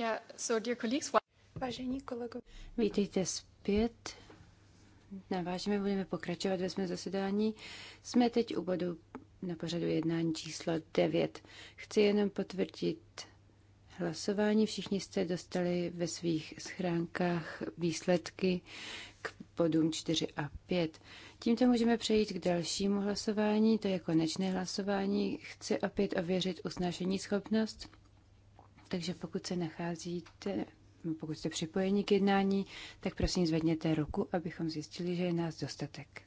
Yeah, so dear colleagues, Vážení kolegové, vítejte zpět. Navážeme, budeme pokračovat ve svém zasedání. Jsme teď u bodu na pořadu jednání číslo 9. Chci jenom potvrdit hlasování. Všichni jste dostali ve svých schránkách výsledky k bodům 4 a 5. Tímto můžeme přejít k dalšímu hlasování, to je konečné hlasování. Chci opět ověřit usnášení schopnost. Takže pokud se nacházíte, no, pokud jste připojeni k jednání, tak prosím zvedněte ruku, abychom zjistili, že je nás dostatek.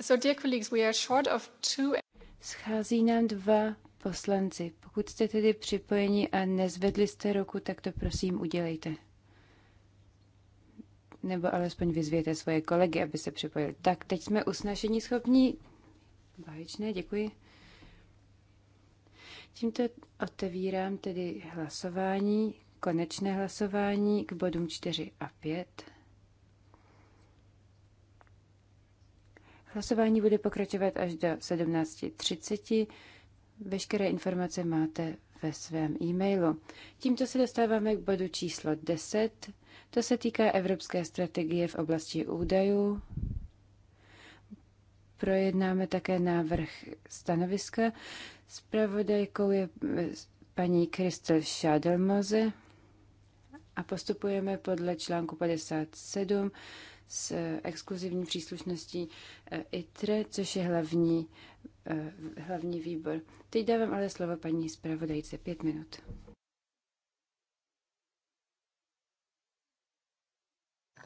So, dear colleagues, we are short of two... Schází nám dva poslanci. Pokud jste tedy připojeni a nezvedli jste ruku, tak to prosím udělejte. Nebo alespoň vyzvěte svoje kolegy, aby se připojili. Tak, teď jsme usnašení schopní. Báječné, děkuji. Tímto otevírám tedy hlasování, konečné hlasování k bodům 4 a 5. Hlasování bude pokračovat až do 17.30. Veškeré informace máte ve svém e-mailu. Tímto se dostáváme k bodu číslo 10. To se týká evropské strategie v oblasti údajů. Projednáme také návrh stanoviska. Spravodajkou je paní Kristel Schadelmoze a postupujeme podle článku 57 s exkluzivní příslušností eh, ITRE, což je hlavní, eh, hlavní výbor. Teď dávám ale slovo paní zpravodajce. Pět minut.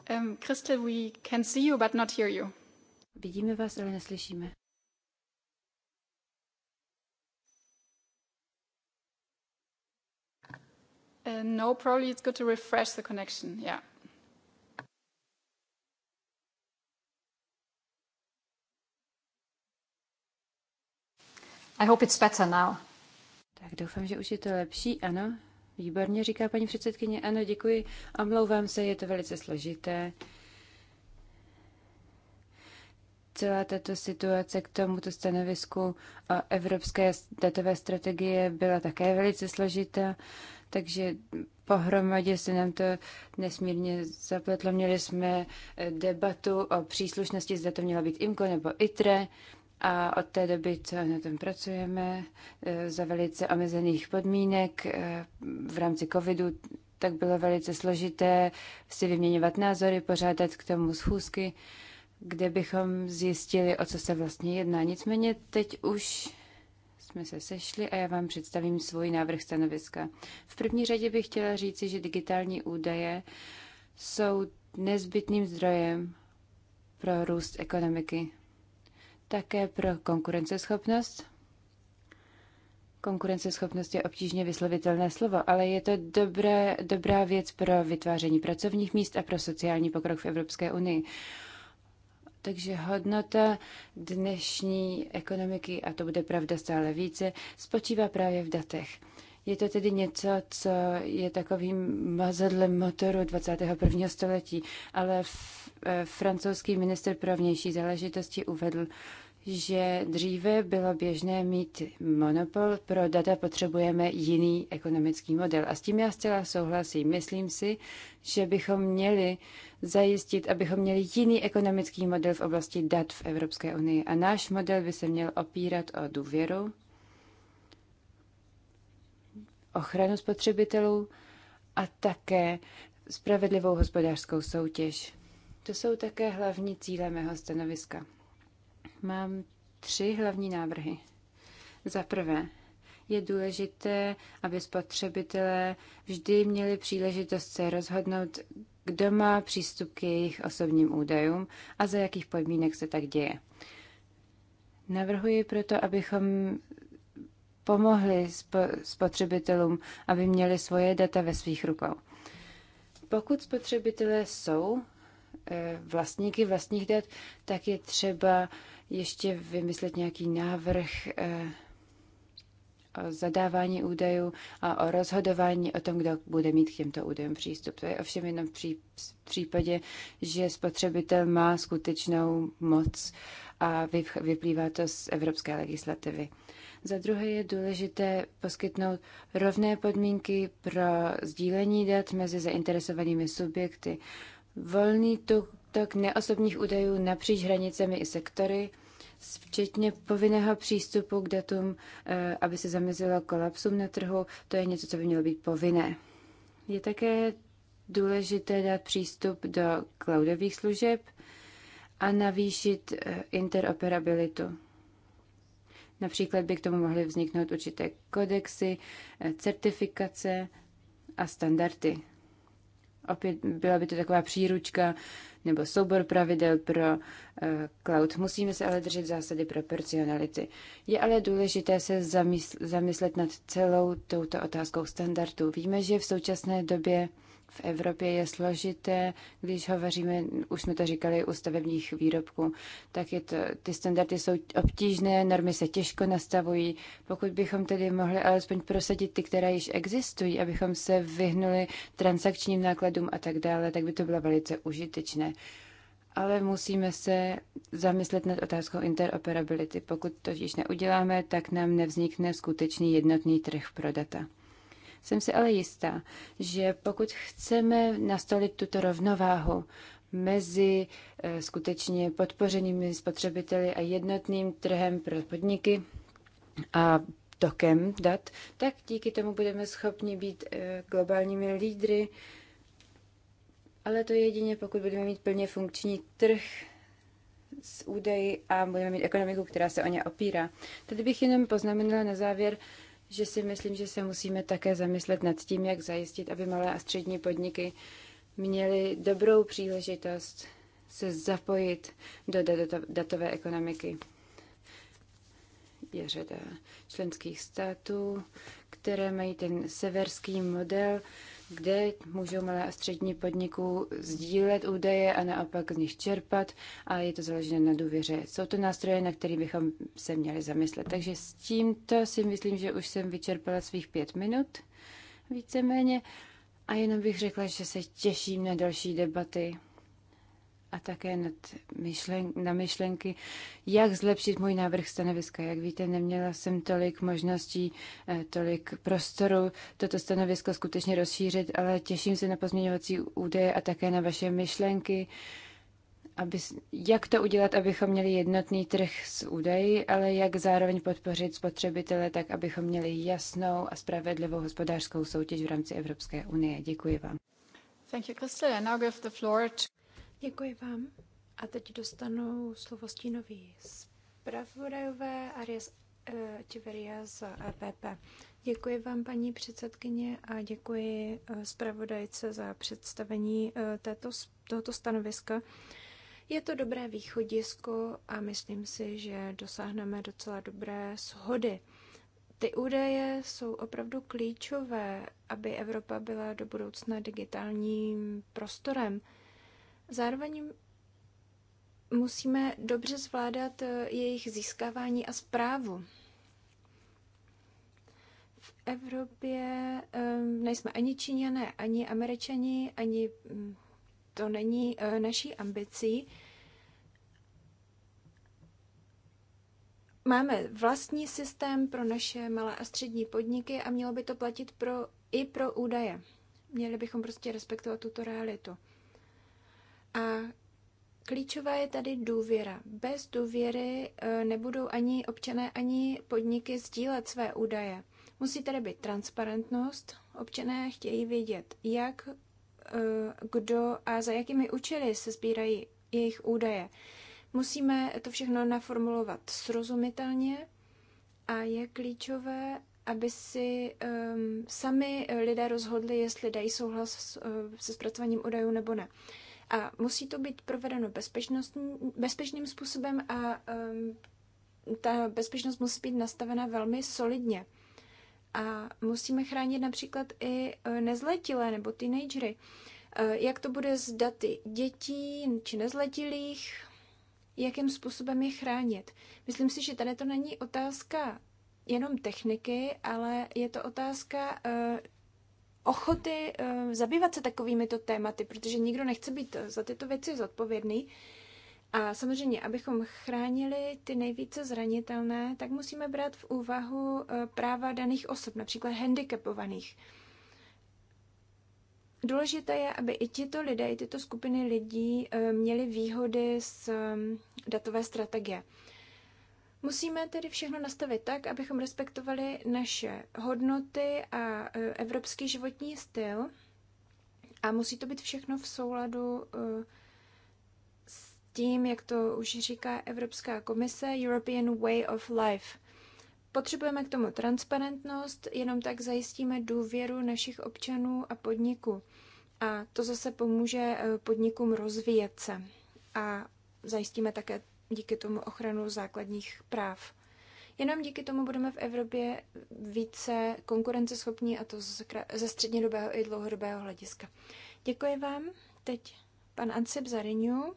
Um, Crystal, we can see you, but not hear you. Vidíme vás, ale neslyšíme. Uh, no, probably it's good to refresh the connection, yeah. I hope it's better now. Tak doufám, že už je to lepší, ano. Výborně, říká paní předsedkyně. Ano, děkuji. Omlouvám se, je to velice složité. Celá tato situace k tomuto stanovisku a evropské datové strategie byla také velice složitá, takže pohromadě se nám to nesmírně zapletlo. Měli jsme debatu o příslušnosti, zda to měla být IMCO nebo ITRE a od té doby, co na tom pracujeme, e, za velice omezených podmínek e, v rámci covidu, tak bylo velice složité si vyměňovat názory, pořádat k tomu schůzky, kde bychom zjistili, o co se vlastně jedná. Nicméně teď už jsme se sešli a já vám představím svůj návrh stanoviska. V první řadě bych chtěla říci, že digitální údaje jsou nezbytným zdrojem pro růst ekonomiky také pro konkurenceschopnost. Konkurenceschopnost je obtížně vyslovitelné slovo, ale je to dobré, dobrá věc pro vytváření pracovních míst a pro sociální pokrok v Evropské unii. Takže hodnota dnešní ekonomiky, a to bude pravda stále více, spočívá právě v datech. Je to tedy něco, co je takovým mazadlem motoru 21. století, ale v Eh, francouzský minister pro vnější záležitosti uvedl, že dříve bylo běžné mít monopol, pro data potřebujeme jiný ekonomický model. A s tím já zcela souhlasím. Myslím si, že bychom měli zajistit, abychom měli jiný ekonomický model v oblasti dat v Evropské unii. A náš model by se měl opírat o důvěru, ochranu spotřebitelů a také spravedlivou hospodářskou soutěž. To jsou také hlavní cíle mého stanoviska. Mám tři hlavní návrhy. Za prvé, je důležité, aby spotřebitelé vždy měli příležitost se rozhodnout, kdo má přístup k jejich osobním údajům a za jakých podmínek se tak děje. Navrhuji proto, abychom pomohli spotřebitelům, aby měli svoje data ve svých rukou. Pokud spotřebitelé jsou Eh, vlastníky vlastních dat, tak je třeba ještě vymyslet nějaký návrh eh, o zadávání údajů a o rozhodování o tom, kdo bude mít k těmto údajům přístup. To je ovšem jenom v případě, že spotřebitel má skutečnou moc a vyplývá to z evropské legislativy. Za druhé je důležité poskytnout rovné podmínky pro sdílení dat mezi zainteresovanými subjekty volný tok neosobních údajů napříč hranicemi i sektory, včetně povinného přístupu k datům, eh, aby se zamezilo kolapsům na trhu, to je něco, co by mělo být povinné. Je také důležité dát přístup do cloudových služeb a navýšit eh, interoperabilitu. Například by k tomu mohly vzniknout určité kodexy, eh, certifikace a standardy opět byla by to taková příručka nebo soubor pravidel pro eh, cloud. Musíme se ale držet zásady proporcionality. Je ale důležité se zamyslet nad celou touto otázkou standardů. Víme, že v současné době v Evropě je složité, když hovoříme, už jsme to říkali, u stavebních výrobků, tak je to, ty standardy jsou obtížné, normy se těžko nastavují. Pokud bychom tedy mohli alespoň prosadit ty, které již existují, abychom se vyhnuli transakčním nákladům a tak dále, tak by to bylo velice užitečné. Ale musíme se zamyslet nad otázkou interoperability. Pokud to již neuděláme, tak nám nevznikne skutečný jednotný trh pro data. Jsem si ale jistá, že pokud chceme nastolit tuto rovnováhu mezi eh, skutečně podpořenými spotřebiteli a jednotným trhem pro podniky a tokem dat, tak díky tomu budeme schopni být eh, globálními lídry, ale to jedině pokud budeme mít plně funkční trh s údaji a budeme mít ekonomiku, která se o ně opírá. Tady bych jenom poznamenala na závěr, že si myslím, že se musíme také zamyslet nad tím, jak zajistit, aby malé a střední podniky měly dobrou příležitost se zapojit do datové ekonomiky. Je řada členských států, které mají ten severský model, kde můžou malé a střední podniků sdílet údaje a naopak z nich čerpat a je to založené na důvěře. Jsou to nástroje, na které bychom se měli zamyslet. Takže s tímto si myslím, že už jsem vyčerpala svých pět minut víceméně a jenom bych řekla, že se těším na další debaty a také nad myšlen- na myšlenky, jak zlepšit můj návrh stanoviska. Jak víte, neměla jsem tolik možností, eh, tolik prostoru toto stanovisko skutečně rozšířit, ale těším se na pozměňovací údaje a také na vaše myšlenky, aby, jak to udělat, abychom měli jednotný trh s údaji, ale jak zároveň podpořit spotřebitele, tak abychom měli jasnou a spravedlivou hospodářskou soutěž v rámci Evropské unie. Děkuji vám. Thank you, Crystal. I now give the floor to... Děkuji vám. A teď dostanou slovo stínový zpravodajové Arias eh, Tiveria z EPP. Děkuji vám, paní předsedkyně, a děkuji eh, zpravodajce za představení eh, této, tohoto stanoviska. Je to dobré východisko a myslím si, že dosáhneme docela dobré shody. Ty údaje jsou opravdu klíčové, aby Evropa byla do budoucna digitálním prostorem. Zároveň musíme dobře zvládat eh, jejich získávání a zprávu. V Evropě eh, nejsme ani Číňané, ani Američani, ani hm, to není eh, naší ambicí. Máme vlastní systém pro naše malé a střední podniky a mělo by to platit pro, i pro údaje. Měli bychom prostě respektovat tuto realitu. A klíčová je tady důvěra. Bez důvěry eh, nebudou ani občané, ani podniky sdílet své údaje. Musí tady být transparentnost. Občané chtějí vědět, jak, eh, kdo a za jakými účely se sbírají jejich údaje. Musíme to všechno naformulovat srozumitelně a je klíčové, aby si um, sami lidé rozhodli, jestli dají souhlas s, uh, se zpracováním údajů nebo ne. Uh, a musí to být provedeno bezpečným způsobem a um, ta bezpečnost musí být nastavena velmi solidně. A musíme chránit například i uh, nezletilé nebo teenagery. Uh, jak to bude s daty dětí či nezletilých? Jakým způsobem je chránit? Myslím si, že tady to není otázka jenom techniky, ale je to otázka uh, ochoty eh, zabývat se takovýmito tématy, protože nikdo nechce být eh, za tyto věci zodpovědný. A samozřejmě, abychom chránili ty nejvíce zranitelné, tak musíme brát v úvahu eh, práva daných osob, například handicapovaných. Důležité je, aby i tito lidé, i tyto skupiny lidí měli výhody z datové strategie. Musíme tedy všechno nastavit tak, abychom respektovali naše hodnoty a e, evropský životní styl. A musí to být všechno v souladu e, s tím, jak to už říká Evropská komise, European Way of Life. Potřebujeme k tomu transparentnost, jenom tak zajistíme důvěru našich občanů a podniků. A to zase pomůže e, podnikům rozvíjet se. A zajistíme také díky tomu ochranu základních práv. Jenom díky tomu budeme v Evropě více konkurenceschopní a to ze střednědobého i dlouhodobého hlediska. Děkuji vám. Teď pan Ancip Zariňu.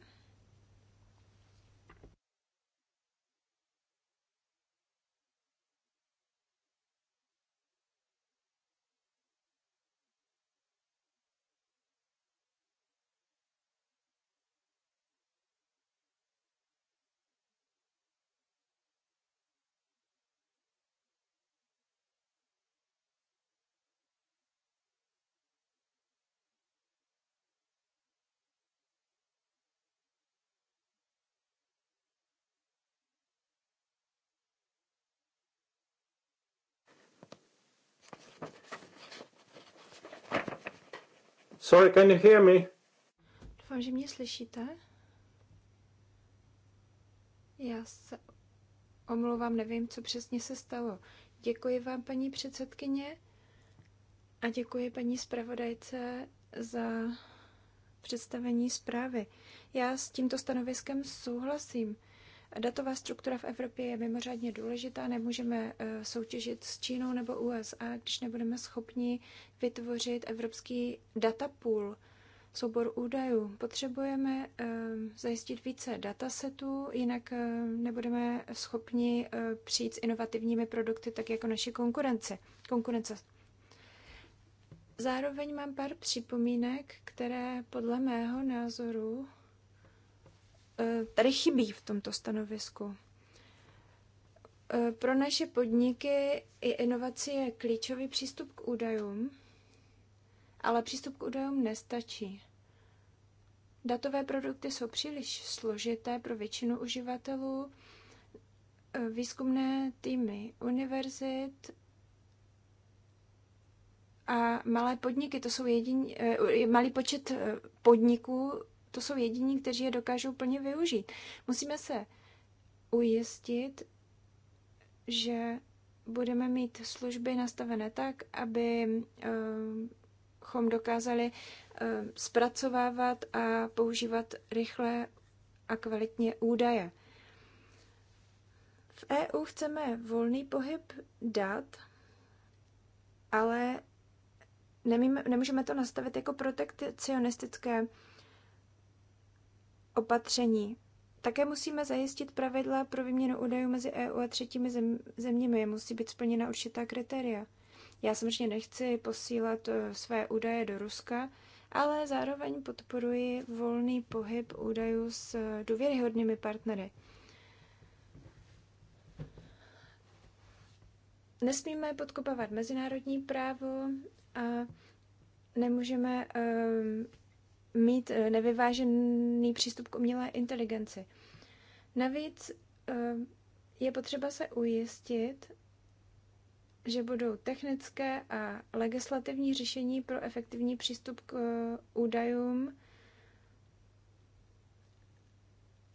Sorry, can you hear me? Doufám, že mě slyšíte. Já se omlouvám, nevím, co přesně se stalo. Děkuji vám, paní předsedkyně, a děkuji paní zpravodajce za představení zprávy. Já s tímto stanoviskem souhlasím. Datová struktura v Evropě je mimořádně důležitá. Nemůžeme eh, soutěžit s Čínou nebo USA, když nebudeme schopni vytvořit evropský datapool, soubor údajů. Potřebujeme eh, zajistit více datasetů, jinak eh, nebudeme schopni přijít s inovativními produkty, tak jako naši konkurence. konkurence. Zároveň mám pár připomínek, které podle mého názoru Eh, tady chybí v tomto stanovisku. Eh, pro naše podniky i inovaci je klíčový přístup k údajům, ale přístup k údajům nestačí. Datové produkty jsou příliš složité pro většinu uživatelů. Eh, výzkumné týmy univerzit a malé podniky, to jsou jediní, malý počet podniků to jsou jediní, kteří je dokážou plně využít. Musíme se ujistit, že budeme mít služby nastavené tak, aby eh, chom dokázali eh, zpracovávat a používat rychle a kvalitně údaje. V EU chceme volný pohyb dat, ale nemůžeme to nastavit jako protekcionistické opatření. Také musíme zajistit pravidla pro výměnu údajů mezi EU a třetími zem, zeměmi. Musí být splněna určitá kritéria. Já samozřejmě nechci posílat eh, své údaje do Ruska, ale zároveň podporuji volný pohyb údajů s eh, důvěryhodnými partnery. Nesmíme podkopávat mezinárodní právo a nemůžeme ehm, mít eh, nevyvážený přístup k umělé inteligenci. Navíc eh, je potřeba se ujistit, že budou technické a legislativní řešení pro efektivní přístup k eh, údajům.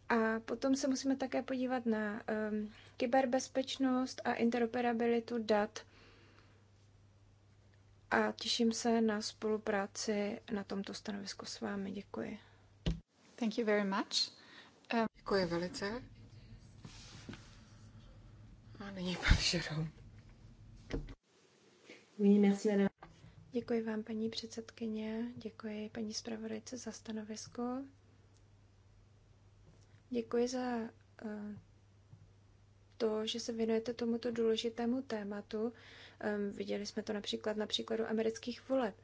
A potom se musíme také podívat na kyberbezpečnost a interoperabilitu dat a těším se na spolupráci na tomto stanovisku s vámi. Děkuji. Thank you very much. Um... Děkuji velice. A nyní pan Žerom. Děkuji vám, paní předsedkyně, děkuji paní zpravodajce za stanovisko. Děkuji za eh, to, že se věnujete tomuto důležitému tématu. Viděli jsme to například na příkladu amerických voleb.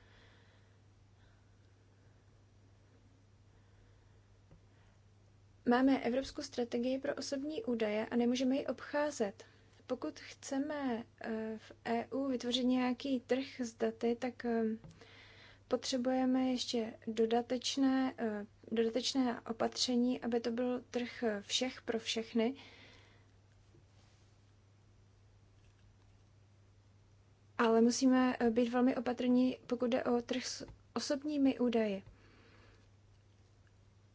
Máme evropskou strategii pro osobní údaje a nemůžeme ji obcházet. Pokud chceme eh, v EU vytvořit nějaký trh s daty, tak potřebujeme ještě dodatečné, eh, dodatečné opatření, aby to byl trh eh, všech pro všechny ale musíme eh, být velmi opatrní, pokud jde o trh s osobními údaji.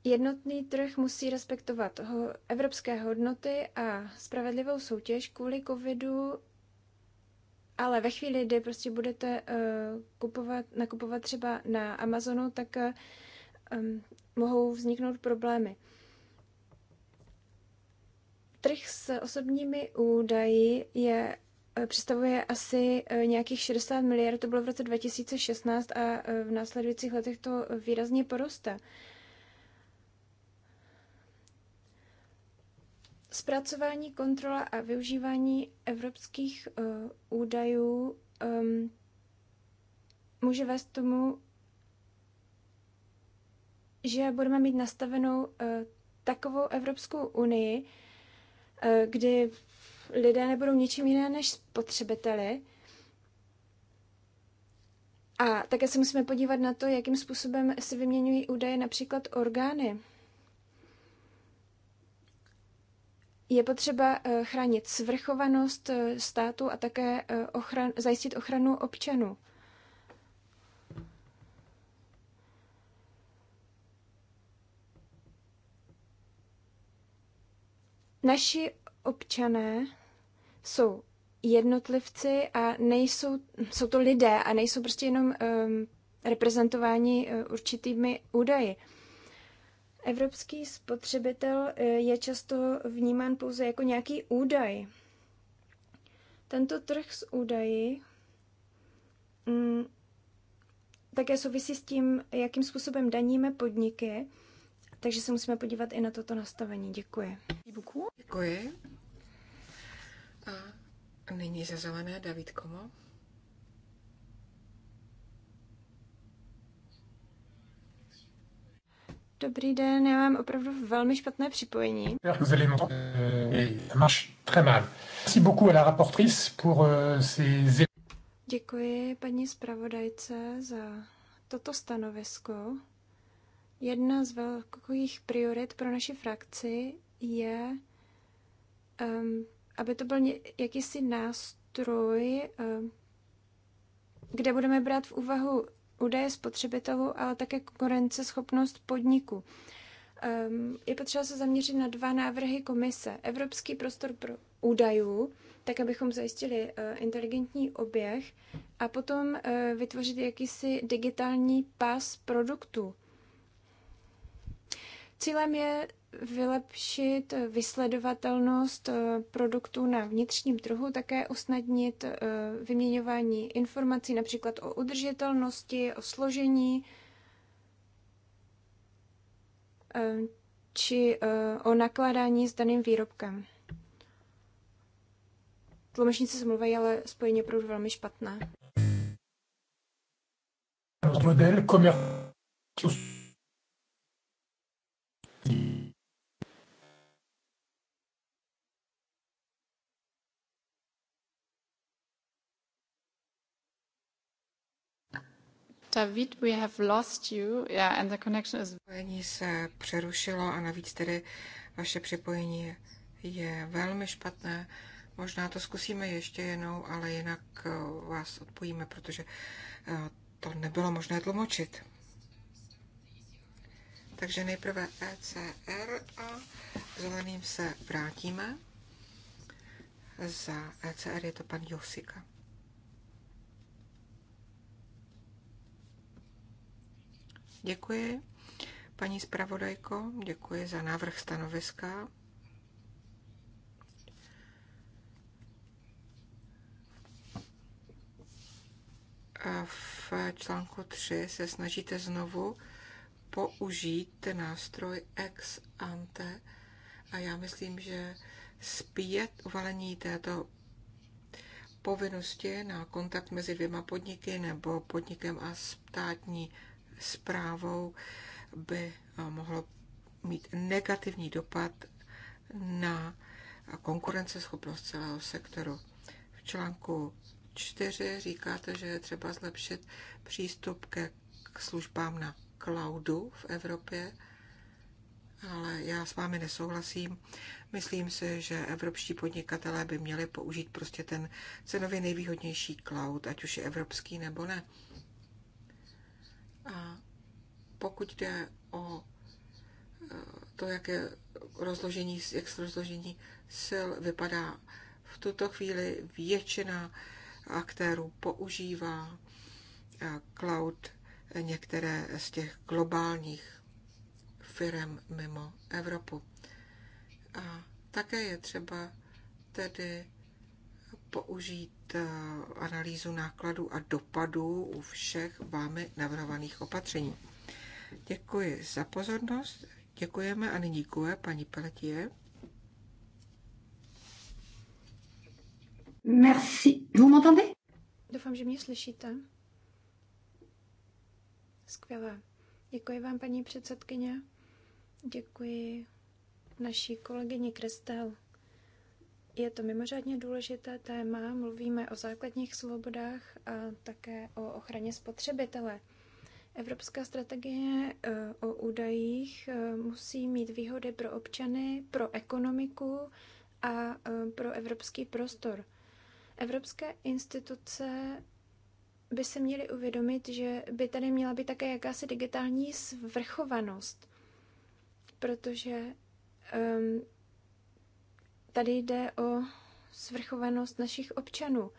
Jednotný trh musí respektovat ho, evropské hodnoty a spravedlivou soutěž kvůli covidu, ale ve chvíli, kdy prostě budete eh, kupovat, nakupovat třeba na Amazonu, tak eh, mohou vzniknout problémy. Trh s osobními údaji je Eh, představuje asi eh, nějakých 60 miliard, to bylo v roce 2016 a eh, v následujících letech to výrazně poroste. Zpracování, kontrola a využívání evropských uh, údajů um, může vést tomu, že budeme mít nastavenou uh, takovou Evropskou unii, uh, kdy lidé nebudou ničím jiné než spotřebiteli. A také se musíme podívat na to, jakým způsobem se vyměňují údaje například orgány. Je potřeba eh, chránit svrchovanost eh, státu a také eh, ochran, zajistit ochranu občanů. Naši občané jsou jednotlivci a nejsou, jsou to lidé a nejsou prostě jenom um, reprezentováni uh, určitými údaji. Evropský spotřebitel uh, je často vnímán pouze jako nějaký údaj. Tento trh s údaji mm, také souvisí s tím, jakým způsobem daníme podniky, takže se musíme podívat i na toto nastavení. Děkuji. Děkuji. A nyní za zelené David Komo. Dobrý den, já mám opravdu velmi špatné připojení. Euh, euh, Děkuji paní zpravodajce za toto stanovisko. Jedna z velkých priorit pro naši frakci je um, aby to byl jakýsi nástroj, eh, kde budeme brát v úvahu údaje spotřebitelů, ale také konkurenceschopnost podniku. Ehm, je potřeba se zaměřit na dva návrhy komise. Evropský prostor pro údajů, tak abychom zajistili eh, inteligentní oběh a potom eh, vytvořit jakýsi digitální pas produktů. Cílem je vylepšit vysledovatelnost eh, produktů na vnitřním trhu, také usnadnit eh, vyměňování informací například o udržitelnosti, o složení eh, či o nakládání s daným výrobkem. Tlumočníci se mluví, ale spojení je opravdu velmi špatné. Model komerční David, we have lost you. Yeah, and the connection is... Spojení se přerušilo a navíc tedy vaše připojení je, je velmi špatné. Možná to zkusíme ještě jednou, ale jinak eh, vás odpojíme, protože eh, to nebylo možné tlumočit. Takže nejprve ECR a zeleným se vrátíme. Za ECR je to pan Josika. Děkuji. Paní zpravodajko, děkuji za návrh stanoviska. A v článku 3 se snažíte znovu použít nástroj ex ante a já myslím, že zpět uvalení této povinnosti na kontakt mezi dvěma podniky nebo podnikem a státní zprávou by eh, mohlo mít negativní dopad na konkurenceschopnost celého sektoru. V článku 4 říkáte, že je třeba zlepšit přístup ke službám na cloudu v Evropě, ale já s vámi nesouhlasím. Myslím si, že evropští podnikatelé by měli použít prostě ten cenově nejvýhodnější cloud, ať už je evropský nebo ne. A pokud jde o eh, to, jak je rozložení, jak se rozložení sil vypadá, v tuto chvíli většina aktérů používá eh, cloud eh, některé z těch globálních firm mimo Evropu. A také je třeba tedy použít eh, analýzu nákladů a dopadů u všech vámi navrhovaných opatření. Děkuji za pozornost, děkujeme a nyní kůje paní Peletie. Merci. Vous m'entendez? Doufám, že mě slyšíte. Skvělé. Děkuji vám, paní předsedkyně. Děkuji naší kolegyni Kristel. Je to mimořádně důležité téma, mluvíme o základních svobodách a také o ochraně spotřebitele. Evropská strategie e, o údajích e, musí mít výhody pro občany, pro ekonomiku a e, pro evropský prostor. Evropské instituce by se měly uvědomit, že by tady měla být také jakási digitální svrchovanost, protože um, tady jde o svrchovanost našich občanů.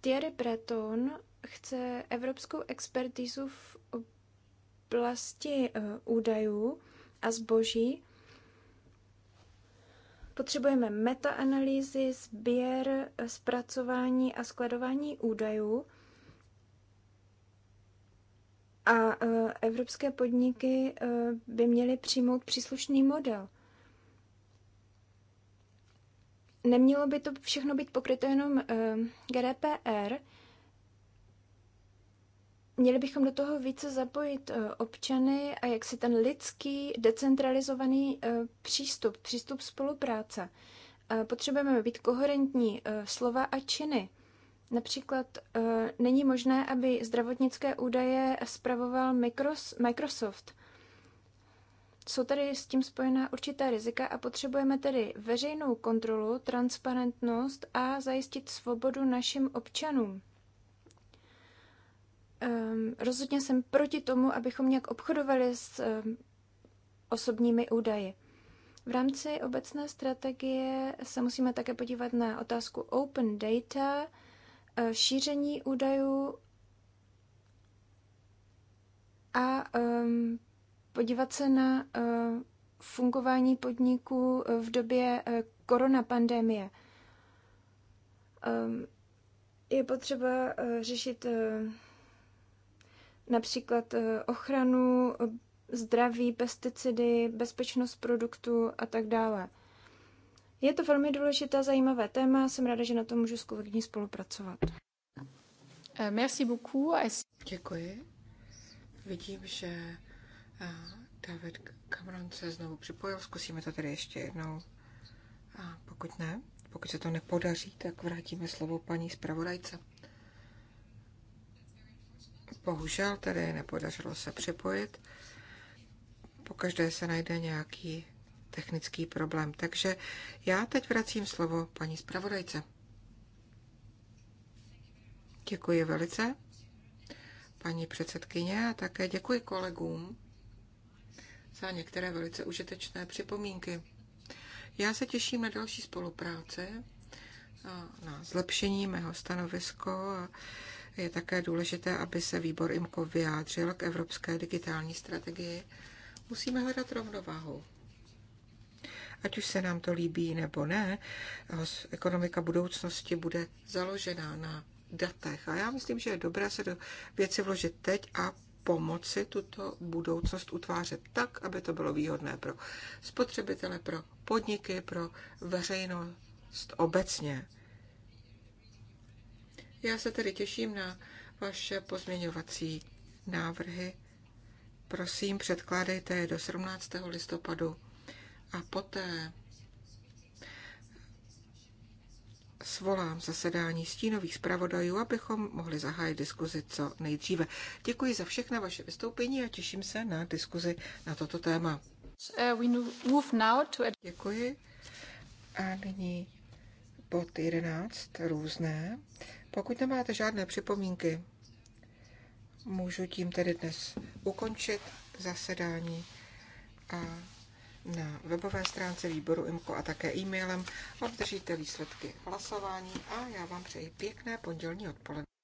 Thierry Breton chce evropskou expertizu v oblasti eh, údajů a zboží. Potřebujeme metaanalýzy, sběr, eh, zpracování a skladování údajů. A eh, evropské podniky by měly přijmout příslušný model. nemělo by to všechno být pokryto jenom eh, GDPR. Měli bychom do toho více zapojit eh, občany a jak si ten lidský, decentralizovaný eh, přístup, přístup spolupráce. Potřebujeme být koherentní slova a činy. Například není možné, aby zdravotnické údaje spravoval Microsoft jsou tady s tím spojená určitá rizika a potřebujeme tedy veřejnou kontrolu, transparentnost a zajistit svobodu našim občanům. Um, rozhodně jsem proti tomu, abychom nějak obchodovali s um, osobními údaji. V rámci obecné strategie se musíme také podívat na otázku open data, e, šíření údajů a um, podívat se na eh, fungování podniků eh, v době eh, koronapandemie. Ehm, je potřeba řešit například ochranu zdraví, pesticidy, bezpečnost produktů a tak dále. Je to velmi důležité a zajímavé téma. Jsem ráda, že na tom můžu s kolegyní spolupracovat. Merci beaucoup. Děkuji. Vidím, že David Cameron se znovu připojil, zkusíme to tedy ještě jednou. A pokud ne, pokud se to nepodaří, tak vrátíme slovo paní zpravodajce. Bohužel tedy nepodařilo se připojit. Pokaždé se najde nějaký technický problém. Takže já teď vracím slovo paní zpravodajce. Děkuji velice, paní předsedkyně, a také děkuji kolegům za některé velice užitečné připomínky. Já se těším na další spolupráce, na zlepšení mého stanovisko a je také důležité, aby se výbor IMKO vyjádřil k evropské digitální strategii. Musíme hledat rovnováhu. Ať už se nám to líbí nebo ne, ekonomika budoucnosti bude založená na datech. A já myslím, že je dobré se do věci vložit teď a pomoci tuto budoucnost utvářet tak, aby to bylo výhodné pro spotřebitele, pro podniky, pro veřejnost obecně. Já se tedy těším na vaše pozměňovací návrhy. Prosím, předkládejte je do 17. listopadu a poté svolám zasedání stínových zpravodajů, abychom mohli zahájit diskuzi co nejdříve. Děkuji za všechna vaše vystoupení a těším se na diskuzi na toto téma. Uh, Děkuji. A nyní bod 11, různé. Pokud nemáte žádné připomínky, můžu tím tedy dnes ukončit zasedání a na webové stránce výboru IMKO a také e-mailem obdržíte výsledky hlasování a já vám přeji pěkné pondělní odpoledne.